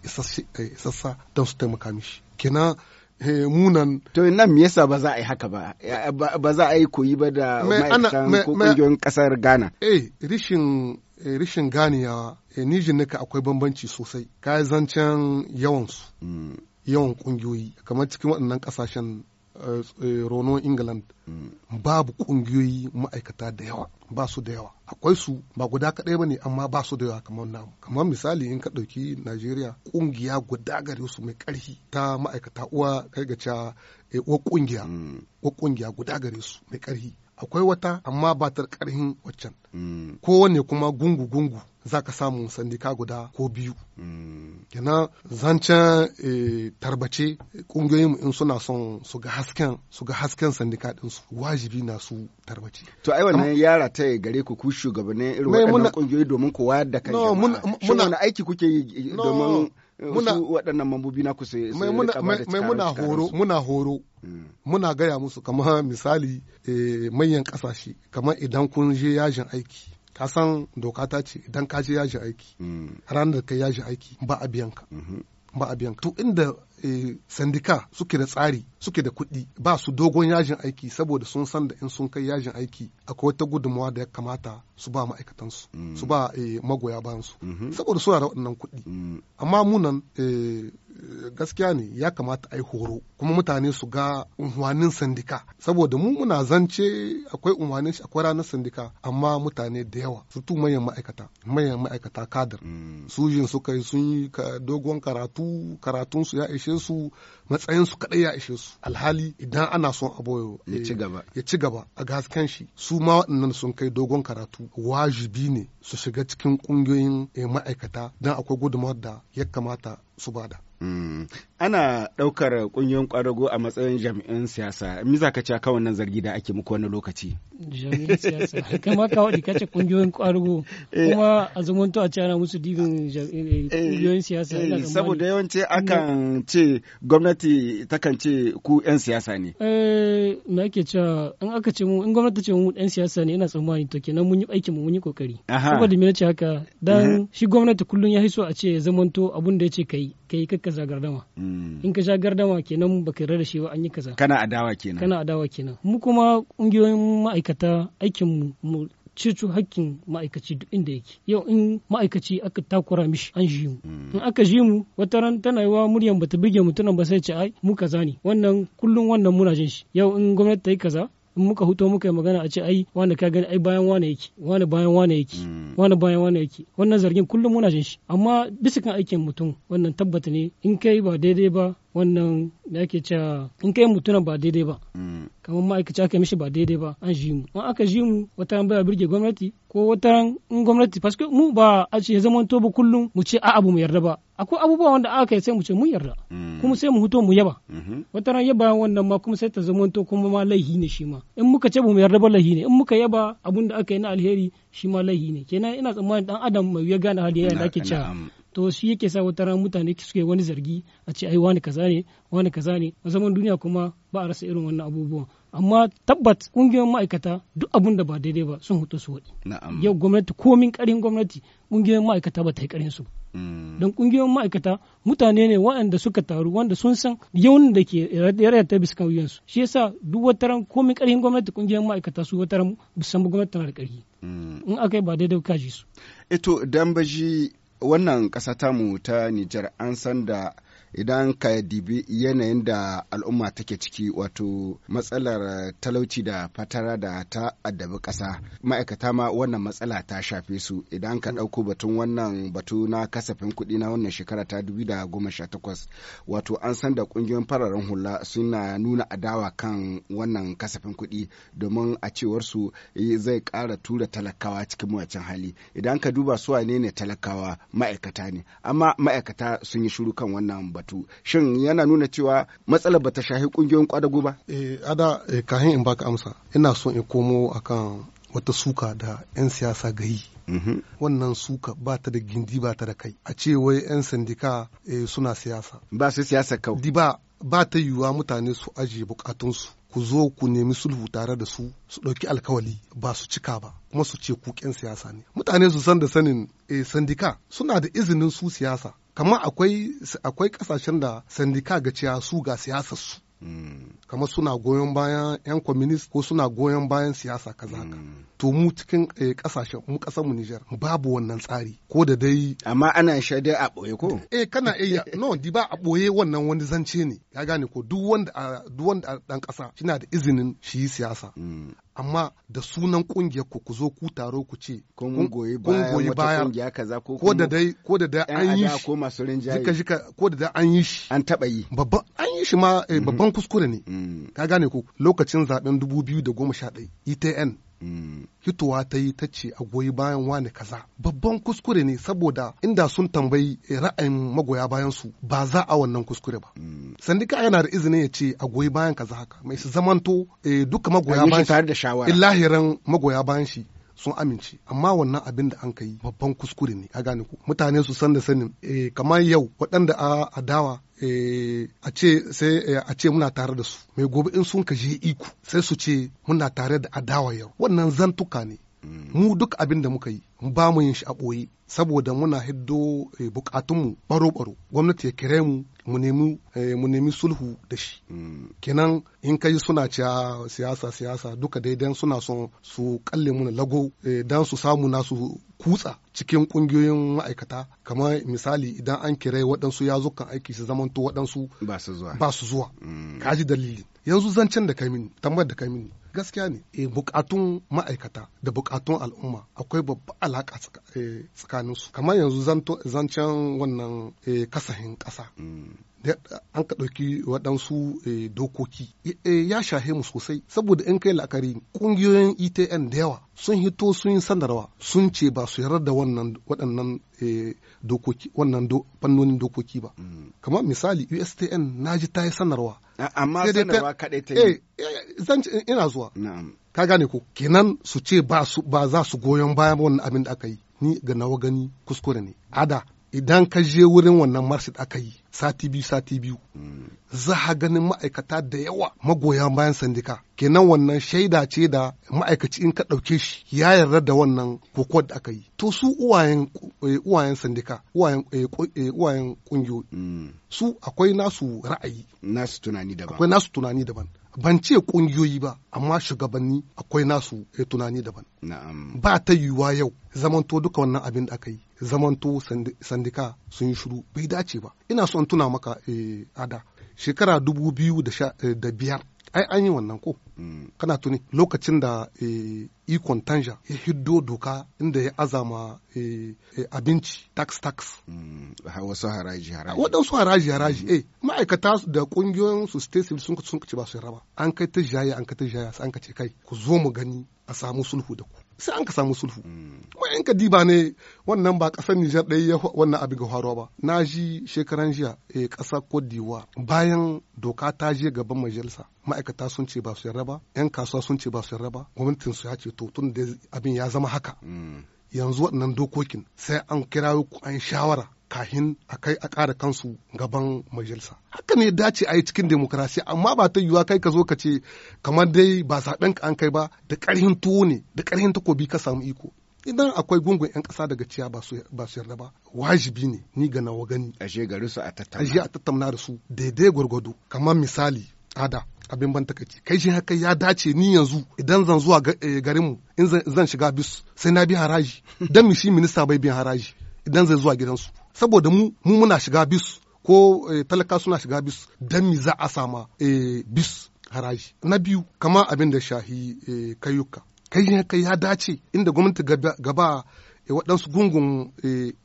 Speaker 2: isassa don su taimaka mishi kenan munan. To nan me yasa ba za
Speaker 1: a yi haka ba? Ba za a yi koyi ba da ma'aikatan ko kasar Ghana.
Speaker 2: Eh, rishin eh, rishin eh nijin naka akwai bambanci sosai. Ka zancen yawansu. Mm. Yawan ƙungiyoyi kamar cikin waɗannan ƙasashen Eh, eh, ronon england babu kungiyoyi ma'aikata da yawa ba su da yawa akwai su ba guda kaɗai ba ne amma ba su da yawa kamar namu kamar misali in ka ɗauki nigeria. kungiya guda gare su mai karfi ta ma'aikata uwa kai ga ca kungiya eh, mm. guda gare su mai karfi akwai wata amma ba ta ƙarhin waccan mm. kowane kuma gungu-gungu za ka samu sandika guda ko biyu mm. kenan zancen eh, tarbace ƙungiyoyin in suna son su ga hasken su ga hasken sandika ɗinsu wajibi na su tarbace
Speaker 1: to ai wannan yara ta gare ku ku shugabannin irin waɗannan ƙungiyoyi domin ku wayar da kai jama'a shin wani aiki kuke yi eh, domin muna waɗannan mambobi na kusa mai muna horo
Speaker 2: muna horo mm. muna gaya musu kamar misali eh, manyan ƙasashe kamar idan kun je yajin aiki ka san doka ta ce idan ka je yajin aiki mm. ranar da ka yajin aiki ba a biyan ka mm-hmm. ba a biyan to inda eh, sandika suke da tsari suke da kuɗi ba su dogon yajin aiki saboda sun san da in sun kai yajin aiki akwai wata gudunmawa da ya kamata su ba ma'aikatansu mm. su ba eh, magoya bayansu mm-hmm. saboda suna da waɗannan kuɗi mm. amma munan eh, gaskiya ne ya kamata a yi horo kuma mutane su ga unhwanin sandika saboda mu muna zance akwai unhwanin shi akwai ranar sandika amma mutane da yawa su tu manyan ma'aikata manyan ma'aikata kadar mm. su yin su kai sun yi dogon karatu karatun su ya ishe su matsayin su kadai ya ishe su alhali idan ana son abu eh, ya ci gaba ya ci gaba a gasken shi su ma waɗannan sun kai dogon karatu wajibi ne su shiga cikin ƙungiyoyin eh, ma'aikata dan akwai gudunmawar da ya kamata su bada
Speaker 3: Mm.
Speaker 1: ana ɗaukar ƙungiyoyin ƙwarago a matsayin jami'in siyasa mi za ka ci akan wannan zargi da ake muku wani lokaci
Speaker 3: jami'in siyasa kama ka waɗi kace ƙungiyoyin ƙwarago eh. kuma a zumunta a ci ana musu dibin eh, eh, ƙungiyoyin siyasa saboda
Speaker 1: yawanci akan ce gwamnati ta kan ce ku 'yan siyasa ne
Speaker 3: na ake cewa in aka ce mu in gwamnati ce mu 'yan siyasa ne ina tsammani to kenan mun yi aikin mu mun yi kokari saboda me ce haka dan shi gwamnati kullum ya hiso a ce zamanto abun da yace kai kai kakka zagardama mm. Hmm. in ka sha gardama kenan ba ka da shi ba an yi kaza
Speaker 1: kana adawa kenan kana
Speaker 3: adawa kenan mu kuma ƙungiyoyin ma'aikata aikin mu cicu hakkin ma'aikaci duk inda yake yau in ma'aikaci aka takura mishi an ji mu hmm. in aka ji mu wata ran tana yiwa muryan bata buge mutumin ba sai ce ai mu kaza ne wannan kullum wannan muna jin shi yau in gwamnati ta yi kaza in muka huto muka yi magana a ce ai wani ka gani ai bayan wani yake wani bayan wani yake hmm. wani bayan wani yake wannan zargin kullum muna jin shi amma bisa kan aikin mutum wannan tabbata ne in kai ba daidai ba wannan da ake cewa in kai mutuna ba daidai ba mm. kamar ma'aikaci aka mishi ba daidai ba an ji mu in aka ji mu wata an baya birge gwamnati ko wata in gwamnati paske mu ba a ce ya zama tobo ba kullum mu ce a abu mu yarda ba akwai abubuwa wanda aka yi sai mu ce mun yarda mm. kuma sai mu huto mu yaba mm-hmm. wata ran yaba wannan ma kuma sai ta zama to kuma ma laihi ne shi ma in muka ce ba mu yarda ba laihi ne in muka yaba abun da aka yi na alheri shi ma laihi ne kenan ina tsammanin dan adam mai ya gane hali yayin da ake cewa to shi yake sa wata rana mutane suke wani zargi a ce ai wani kaza ne wani kaza ne a zaman duniya kuma ba a rasa irin wannan abubuwan amma tabbat kungiyoyin ma'aikata duk abun da ba daidai ba sun hutu su waɗi yau gwamnati komin karin gwamnati kungiyoyin ma'aikata ba ta yi karin su mm. don kungiyoyin ma'aikata mutane ne waɗanda suka taru wanda sun san yawan da ke yarayar ta bisa kan shi yasa duk wata ran komin karin gwamnati kungiyoyin ma'aikata su wata ran bisa gwamnati tana da ƙarfi mm. in aka yi ba daidai kaji su.
Speaker 1: eto dambaji wannan ƙasa tamu ta Nijar an san da idan ka dibi yanayin da al'umma take ciki wato matsalar talauci da fatara da ta addabi ƙasa ma'aikata ma wannan matsala ta shafe su idan ka ɗauko batun wannan batu na kasafin kuɗi na wannan shekara ta takwas wato an san da ƙungiyoyin fararen hula suna nuna adawa kan wannan kasafin kuɗi domin a cewar su eh, zai ƙara tura talakawa cikin mawacin hali idan ka duba su ne ne talakawa ma'aikata ne amma ma'aikata sun yi shuru kan wannan batu shin yana nuna cewa matsalar bata shahi kungiyoyin kwadago ba
Speaker 2: eh ada eh, kahin in baka amsa ina so in komo akan wata suka da 'yan siyasa gayi mm mm-hmm. wannan suka ba ta da gindi ba ta da kai a ce wai 'yan sandika eh, suna siyasa
Speaker 1: ba su siyasa kawai di
Speaker 2: ba ba ta yiwuwa mutane su ajiye bukatunsu ku zo ku nemi sulhu tare da su su ɗauki alkawali ba su cika ba kuma su ce kuken siyasa ne mutane su san da sanin e, eh, sandika suna da izinin su siyasa kamar akwai ƙasashen kasashen da sandika ga ciya ga siyasar hmm. kamar suna goyon bayan 'yan communist ko suna goyon bayan siyasa kaza ka hmm. to mu cikin kasashen eh, mu kasar mu Niger babu wannan tsari ko da dai amma ana shaidai a boye ko eh kana iya no di ba a boye wannan wani zance ne ya gane ko duk wanda duk wanda dan kasa yana da izinin shi yi siyasa hmm. amma da sunan kungiyar ku ku zo ku taro ku ce kun goyi baya kungiya kaza
Speaker 1: ko ko da dai ko da dai an yi shi ko masu rinjaye jika jika
Speaker 2: ko da dai an yi shi an taba yi babban an yi shi ma eh, hmm. babban kuskure ne Mm. ka gane ko lokacin zaben 2011 etn hitowa ta yi ta ce a goyi bayan wane kaza babban kuskure ne saboda inda sun tambayi ra'ayin magoya bayan su ba za a wannan kuskure ba mm. sandika yana da izinin ya ce a goyi bayan kaza haka mai su zamanto eh, duka magoya bayan shi illahiran magoya bayan shi sun amince amma wannan abin da an kai babban kuskure ne a gane ku mutane su san da sanin eh, kamar yau waɗanda a adawa eh, a ce sai eh, a ce muna tare da su mai gobe in sun kaje iko sai su ce muna tare da adawa yau wannan zantuka ne mu duk abin da muka yi ba mu yin shi a ɓoye saboda muna hiddo eh, bukatunmu baro-baro gwamnati ya kira mu eh, mu nemi sulhu da shi kenan in ka yi suna cewa siyasa siyasa duka daidan suna son su kalle muna lago eh, dan su samu nasu kutsa cikin kungiyoyin ma'aikata kamar misali idan an kire waɗansu kan aiki su zamanto waɗansu ba su zuwa mm. kaji dalilin yanzu zancen da kai mini tambayar da kai mini gaskiya ne e, bukatun ma'aikata da bukatun al'umma akwai babba alaka eh, tsakanin su kamar yanzu zancen wannan eh, kasahin kasa mm. an ka ɗauki waɗansu eh, dokoki eh, ya shahe mu sosai saboda in kai la'akari ƙungiyoyin etn da yawa sun hito sun yi sanarwa sun ce ba su yarda da wannan waɗannan eh, dokoki wannan fannonin dokoki ba mm. kamar misali ustn na ji ta yi sanarwa amma sanarwa
Speaker 1: kaɗai ta yi
Speaker 2: ina zuwa ka gane ko kenan su ce ba za su goyon bayan wannan abin da aka yi ni ga nawa gani kuskure ne ada idan ka je wurin wannan marshal aka yi sati biyu sati biyu za a ganin ma'aikata da yawa magoya bayan sandika kenan wannan shaida ce da ma'aikaci in ka ɗauke shi ya yarda da wannan kokowar da aka yi to su uwayen eh, sandika eh, eh, uwayen ƙungiyoyi. su akwai nasu ra'ayi nasu tunani daban akwai nasu tunani daban ban ce ƙungiyoyi ba amma shugabanni akwai nasu tunani daban ba ta yiwuwa yau zamanto duka wannan abin da aka yi zamanto sandika sun yi shiru bai dace ba ina son tuna maka eh, ada shekara dubu biyu eh, da biyar ai an yi wannan ko mm. kana tuni lokacin da eh, ikon tanja ya hiddo doka inda ya azama abinci tax tax mm. wasu haraji haraji waɗansu haraji haraji mm. eh ma'aikata da ƙungiyoyin su stasis sun ba su raba an kai ta jaya an kai ta jaya an ka ce kai ku zo mu gani a samu sulhu da ku sai an ka samu sulhu mm. kuma in ka diba ne wannan ba kasar Nijar ɗaya ya wannan abin ga faruwa ba na ji shekaran jiya e kasar Kodiwa. bayan doka ta je gaban majalisa ma'aikata sun ce ba su yarda ba yan kasuwa sun ce ba su yarda ba gwamnatin su ya ce to tun da abin ya zama haka mm. yanzu waɗannan dokokin sai an kirawo ku an shawara kahin a kai a ƙara kansu gaban majalisa haka ne dace a yi cikin demokrasi amma ba ta yiwuwa kai ka zo ka ce kamar dai ba zaɓen ka an kai ba da ƙarhin tuwo ne da ƙarhin takobi ka samu iko idan akwai gungun 'yan ƙasa daga ciya ba su yarda ba wajibi ne ni ga nawa gani ashe gari su a tattauna ashe a tattauna da su daidai gwargwado kamar misali ada abin ban takaici kai shi haka ya dace ni yanzu idan zan zuwa eh, garinmu in zan shiga bisu sai na bi haraji dan mi shi minista bai bin haraji idan zai zuwa gidansu saboda mu mu muna shiga bis ko eh, talaka suna shiga bis dan mi za a sama eh, bis haraji na biyu kama abin da shahi eh, kayuka kai kai ya dace inda gwamnati gaba waɗansu gungun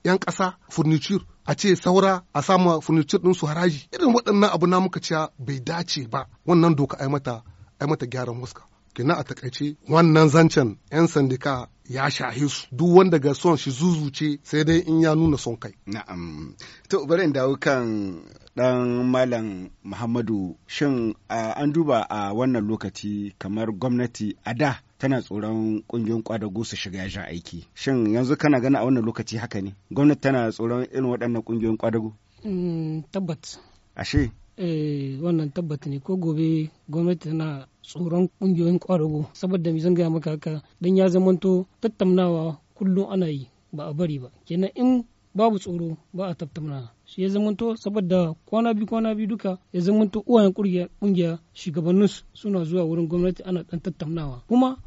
Speaker 2: 'yan ƙasa furniture a ce saura a sama furniture ɗin su haraji irin waɗannan abu na muka cewa bai dace ba wannan doka ai mata ai mata gyaran huska kina a takaice wannan zancen 'yan sandika ya shahi su duk wanda ga son shi zuzuce sai dai in ya nuna son kai.
Speaker 1: Na'am. To bari in dawo kan dan Malam Muhammadu shin an duba a wannan lokaci kamar gwamnati a da tana tsoron kungiyoyin kwadago su shiga yajin aiki. Shin yanzu kana gana a wannan lokaci haka ne? Gwamnati tana tsoron irin waɗannan kungiyoyin kwadago?
Speaker 3: Mm, tabbat. Ashe? Eh wannan tabbat ne ko gobe gwamnati tana tsoron kungiyoyin kwarago saboda mai zan gaya maka haka don ya zamanto tattaunawa kullum ana yi ba a bari ba kenan in babu tsoro ba a tattauna shi ya zamanto saboda kwana biyu kwana biyu duka ya zamanto uwayen kungiya shugabannin suna zuwa wurin gwamnati ana dan tattaunawa kuma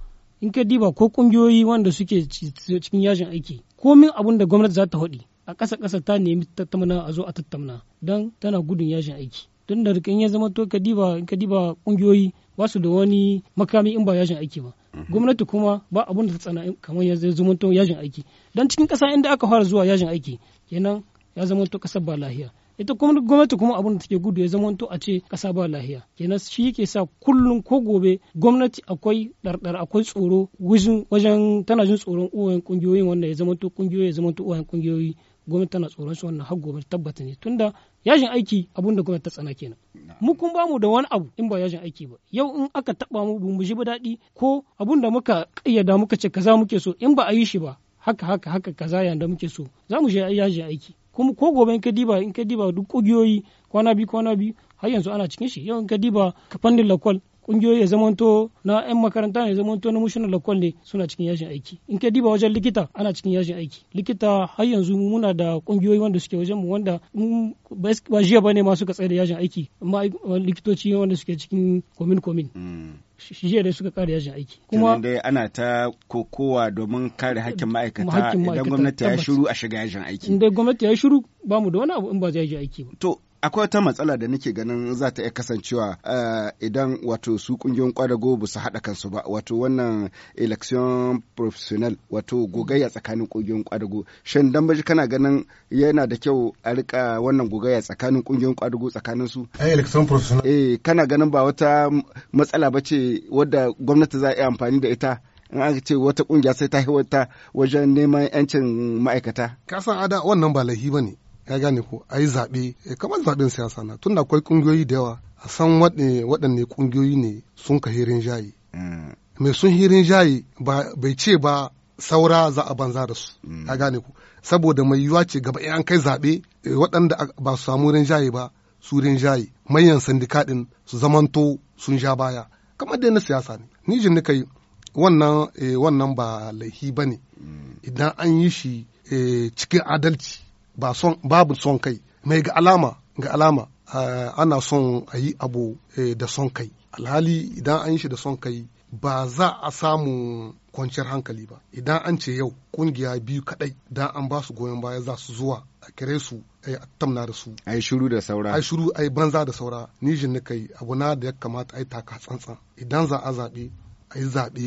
Speaker 3: in ka diba ko kungiyoyi wanda suke cikin yajin aiki komin abun da gwamnati za ta haɗi a ƙasa ƙasa ta nemi tattauna a zo a tattauna don tana gudun yajin aiki tun da in ya zama to ka diba kungiyoyi ba su da wani makami in ba yajin aiki ba mhm. gwamnati kuma ba abun da ta tsana kamar ya zama to yajin aiki dan cikin kasa inda aka fara zuwa yajin aiki kenan ya zama to kasar ba lahiya ita kuma gwamnati kuma abin da take gudu ya zama to a ce kasa ba lahiya kenan shi yake sa kullum ko gobe gwamnati akwai dardar akwai tsoro wajen tana jin tsoron uwayen kungiyoyin wanda ya zama to kungiyoyi ya zama to uwayen kungiyoyi gwamnati tana tsoron su wannan har gobe tabbata ne tunda yajin aiki abun da gwamnati ta tsana kenan mu kun ba mu da wani abu in ba yajin aiki ba yau in aka taba mu mu ji ba daɗi ko abun da muka kayyada muka ce kaza muke so in ba a yi shi ba haka haka haka kaza da muke so za mu je yajin aiki kuma ko gobe in ka diba in ka diba duk ƙugiyoyi kwana biyu kwana biyu har yanzu ana cikin shi yau in ka diba ka fannin lakwal kungiyoyi ya zamanto na 'yan makaranta ya zamanto na mushinan lakwal ne suna cikin yashin aiki in ka diba wajen likita ana cikin yashin aiki likita har yanzu muna da kungiyoyi wanda suke wajen mu wanda ba jiya bane ma suka tsaye da yashin aiki amma likitoci wanda suke cikin komin komin hmm. jiya da suka kare yajin aiki. Kuma
Speaker 1: dai ana ta kokowa domin kare hakkin ma'aikata idan gwamnati ya shiru
Speaker 3: a shiga yajin aiki. Idan gwamnati ya shiru ba mu da wani abu in ba zai yajin aiki ba. To
Speaker 1: akwai wata matsala da nake ganin za ta iya kasancewa eh, idan wato su kungiyoyin kwadago ba su haɗa kansu ba wato wannan election professional wato gogayya tsakanin kungiyoyin kwadago shin dan baji kana ganin yana da kyau a rika wannan gogayya tsakanin kungiyoyin kwadago tsakanin su
Speaker 2: eh election professional
Speaker 1: eh kana ganin ba wata matsala ba ce wadda gwamnati za a iya amfani da ita in aka ce wata kungiya sai ta wata wajen neman yancin ma'aikata.
Speaker 2: Ka san ada wannan ba laifi ba ne. ya gane ko a yi zaɓe eh, kamar zaɓen siyasa na tunda akwai ƙungiyoyi da yawa a san waɗanne ƙungiyoyi ne sun ka hirin jayi mai mm. sun hirin jayi bai ce ba saura za a banza da su ya mm. gane ko saboda mai yiwuwa ce gaba in an kai zaɓe eh, waɗanda ba su samu rinjaye ba su rinjaye manyan sandika ɗin su zamanto sun sha baya kamar dai na siyasa ne ni jin nika wannan eh, wannan ba laifi ba ne mm. idan an yi shi cikin adalci ba son babu son kai mai ga alama ga alama eh, ana son a yi abu eh, da son kai alhali idan an yi shi da son kai ba za a samu kwanciyar hankali ba idan an ce yau kungiya biyu kadai idan an ba su goyon baya za su zuwa a kire su a tamna da su
Speaker 1: yi shuru da saura yi
Speaker 2: shuru yi banza da saura nijin na kai abu na da ya kamata a yi taka tsantsan idan za a zaɓe yi zaɓe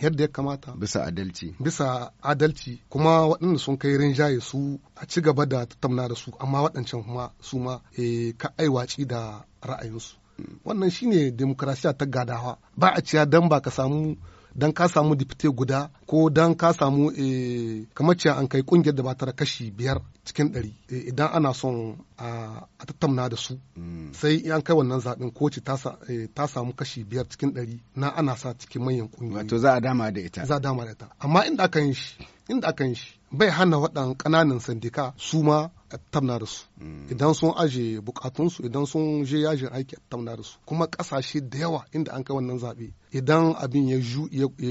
Speaker 2: yadda ya kamata bisa adalci bisa adalci kuma waɗanda sun kai rinjaye su a ci gaba da tattauna da su amma waɗancan kuma su ma e, ka aiwaci da ra'ayinsu mm. wannan shine demokrasiya ta gadawa ba a ciya dan ba ka samu dan ka samu fite guda ko dan ka samu eh, kamar ce an kai kungiyar da ba tara kashi biyar cikin ɗari eh, idan ana son a tattauna da su mm. sai an kai wannan zaɓen ko ce eh, ta samu kashi biyar cikin ɗari na ana sa cikin manyan kungiyoyi wato za a dama da ita za a dama da ita amma inda aka yin shi inda aka yin shi bai hana waɗan ƙananan sandika su ma tamna da su mm. idan sun aje bukatunsu idan sun je yajin aiki tamna da su kuma ƙasashe da yawa inda an kai wannan zaɓe idan abin ya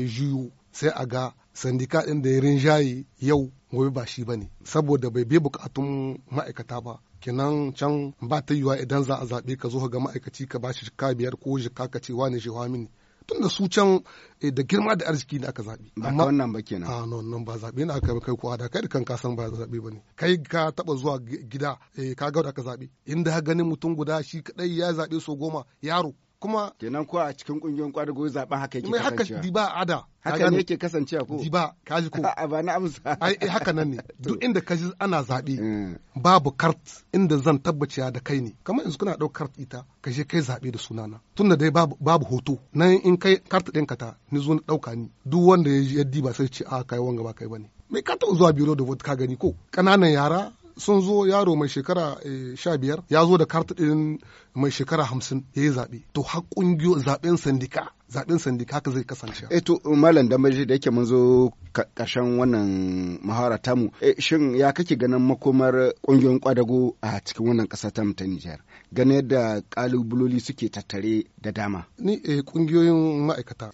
Speaker 2: juyo sai a ga sandika ɗin da ya rinjaye yau gobe ba shi ba ne saboda bai bi bukatun ma'aikata ba kenan can ba ta yiwa idan za a zaɓe ka zo ga ma'aikaci ka ba shi jika biyar ko jika ka ce ne shi mini tun da su can eh, da girma da arziki ne aka zaɓi. Ba wannan ba kenan. A ah, non ba zaɓe ne aka kai kuwa da kai da kanka san ba zaɓe ba ne. Kai ka taɓa zuwa gida eh, ka ga da ka zaɓe. Inda ganin mutum guda shi kaɗai ya zaɓe so goma
Speaker 1: yaro kuma kenan ko a cikin kungiyoyin goyi
Speaker 2: zaben haka yake kasancewa haka
Speaker 1: ba ada haka ne yake kasancewa ko ba kaji ko a ba na amsa ai
Speaker 2: eh, haka nan ne duk inda kaji ana zabe eh. babu kart inda zan tabbaciya da kai ne kamar yanzu kuna ɗaukar kart ita ka je kai zabe da sunana tunda dai babu babu hoto nan in kai kart ka ta ni zo na ɗauka ni duk wanda ya diba sai ce a ah, kai wanga ba kai bane mai ka ta zuwa biro da vote ka gani ko kananan yara sun zo yaro mai shekara eh, sha biyar ya zo da karta ɗin mai shekara hamsin ya yi zaɓe to har ƙungiyo zaɓen sandika zaɓen sandika haka zai kasance.
Speaker 1: E to malam dambaji da yake mun zo ƙarshen wannan mahara tamu eh, shin ya kake ganin makomar ƙungiyoyin kwadago a cikin wannan ƙasa ta ta Nijar ganin yadda ƙalubuloli suke tattare da dama.
Speaker 2: Ni ƙungiyoyin ma'aikata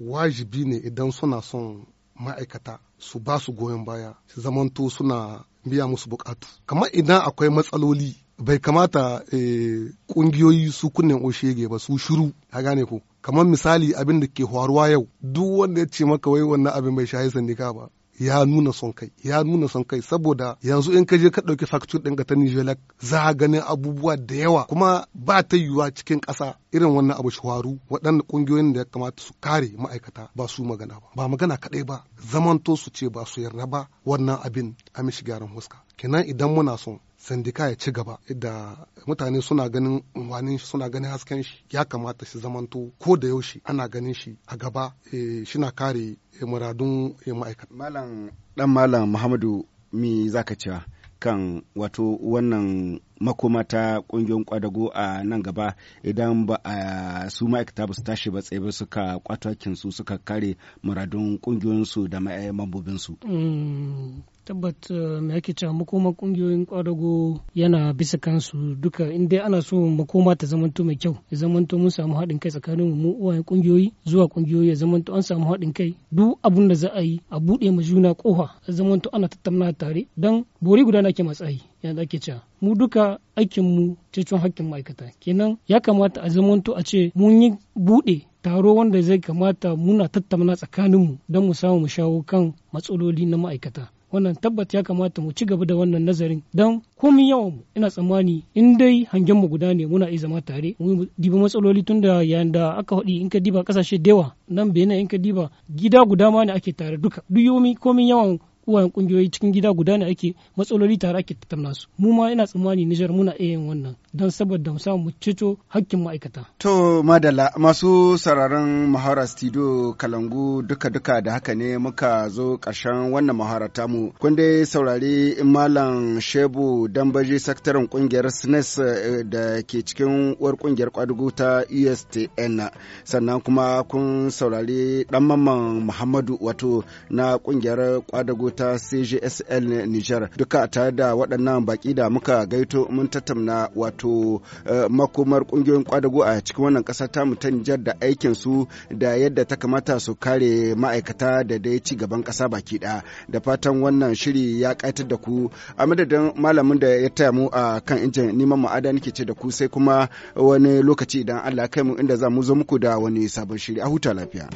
Speaker 2: wajibi ne idan suna son ma'aikata su ba su goyon baya su zamanto suna biya musu bukatu kamar idan akwai matsaloli bai kamata eh, kungiyoyi su kunnen oshege ba su shiru a gane ko kamar misali abin da ke faruwa yau duk wanda ya ce maka wai wannan abin bai shahi sandika ba ya nuna son kai ya nuna son kai saboda yanzu in ka je ka ɗauki factory ɗin ta Nijelak za a ganin abubuwa da yawa kuma ba ta yiwuwa cikin ƙasa irin wannan abu shawaru waɗanda ƙungiyoyin da ya kamata su kare ma'aikata ba su magana ba ba magana kaɗai ba zamanto su ce ba su yarda ba wannan abin a mishi gyaran huska kenan idan muna son sandika ya ci gaba da mutane suna ganin unguwanin shi suna ganin hasken shi ya kamata shi zamanto ko da yaushe ana ganin shi a gaba eh, shina kare eh, muradun eh, ma'aikata. Malam dan
Speaker 1: Malam Muhammadu mi zaka cewa kan wato wannan makoma ta kungiyoyin kwadago a nan gaba idan ba a su ma'aikata ba su tashi ba tsaye ba suka kwatakin su suka kare muradun kungiyoyinsu da eh, mambobinsu.
Speaker 3: Mm, tabbat eh, me ake cewa makoma kungiyoyin kwadago yana bisa kansu duka inda ana so makoma ta zamanto mai kyau ya zamanto mun samu haɗin kai tsakanin mu uwayen kungiyoyi zuwa kungiyoyi ya zamanto an samu haɗin kai duk abun da za a yi a buɗe ma juna kofa ya zamanto ana tattauna tare dan bori guda na ke matsayi ya ake cewa mu duka aikinmu cikin hakkin ma'aikata kenan ya kamata a zamanto a ce mun yi buɗe taro wanda zai kamata muna tattauna tsakaninmu don mu samu mu shawo kan matsaloli na ma'aikata wannan tabbat ya kamata mu ci gaba da wannan nazarin don komi yawan mu ina tsammani in dai hangen mu guda ne muna iya zama tare mu diba matsaloli tun da yayin da aka haɗu in ka diba kasashe da yawa nan bene in ka diba gida guda ma ne ake tare duka duk yomi komin yawan uwayen kungiyoyi cikin gida guda ne ake matsaloli tare ake tattauna su mu ma ina tsammani Nijar muna iya yin wannan don saboda mu samu ceto hakkin ma'aikata
Speaker 1: to madala masu sararin mahara studio kalangu duka duka da haka ne muka zo karshen wannan mahara tamu kun dai saurari malam Shebu Dambaji sakataren kungiyar SNES eh, da ke cikin uwar kungiyar kwadugu ta USTN e sannan kuma kun saurari dan mamman Muhammadu wato na kungiyar kwadago ta CJSL Nijar duka tare da waɗannan baki da muka gaito mun tattauna wato eh, makomar ƙungiyoyin kwadago a cikin wannan ƙasa ta mu ta Nijar da aikin su da yadda ta kamata su kare ma'aikata da dai ci gaban ƙasa baki ɗaya da fatan wannan shiri ya ƙaitar da ku a madadin malamin da ya taya mu a kan injin neman ma'ada nake ce da ku sai kuma wani lokaci idan Allah kai mu inda za mu zo muku da wani sabon shiri a huta lafiya.